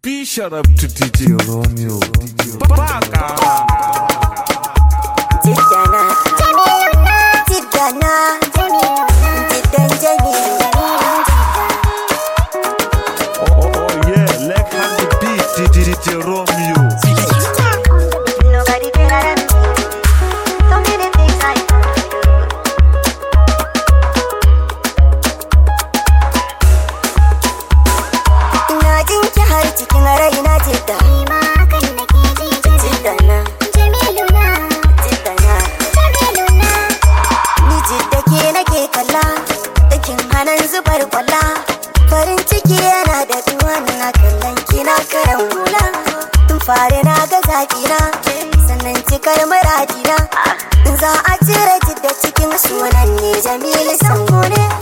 Be shut up to DJ Romeo. Baka. Tigana, Tigana, Tigana, Oh yeah, let's have the beat, DJ Romeo. har cikin raina jidda nake ji jidda na na na na nake kalla hanan zubar kwalla farin ciki yana da duwan na kina karan hula fare na ga zaki na sannan cikar za a cire jidda cikin sunan ne jamilu sango ne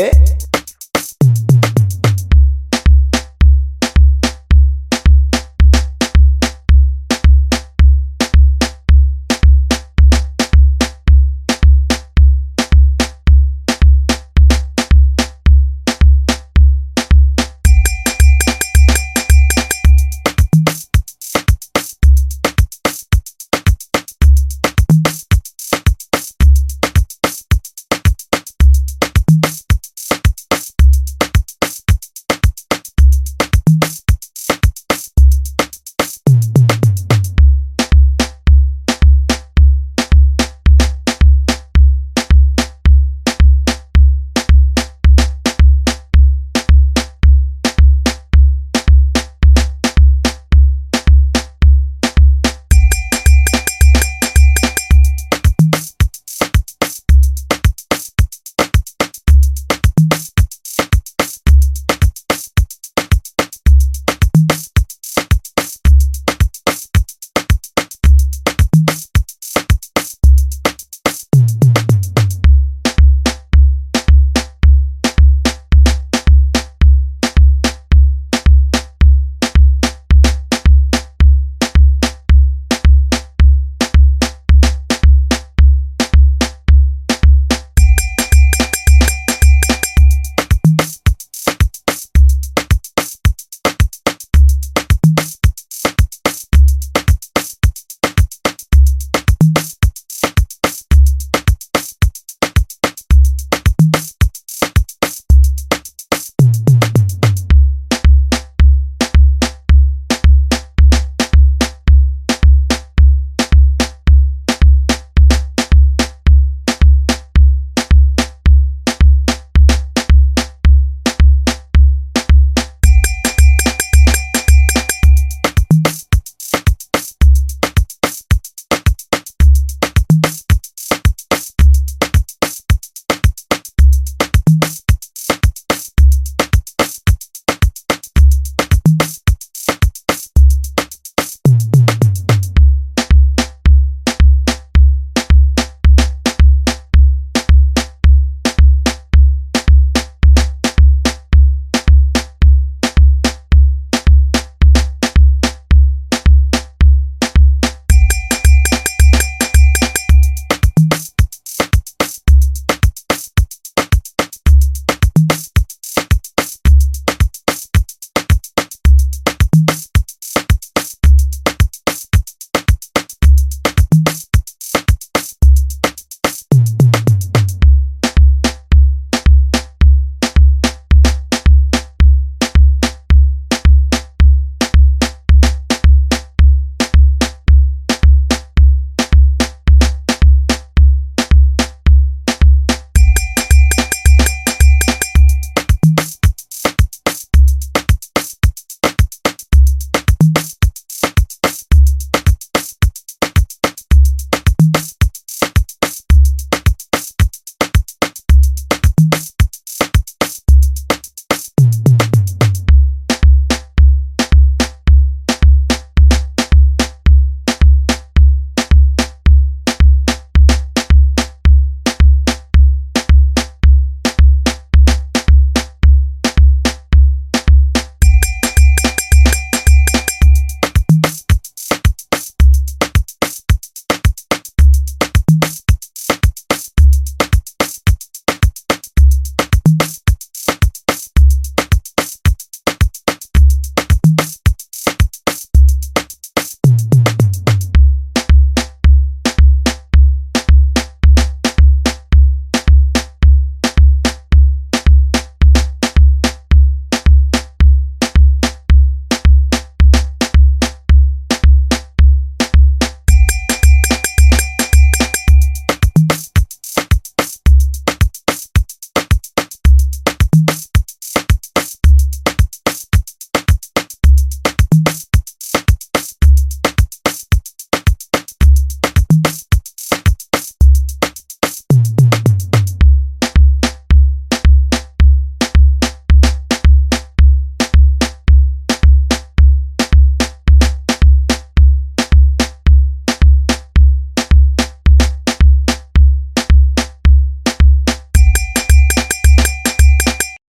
¿Qué? ¿eh?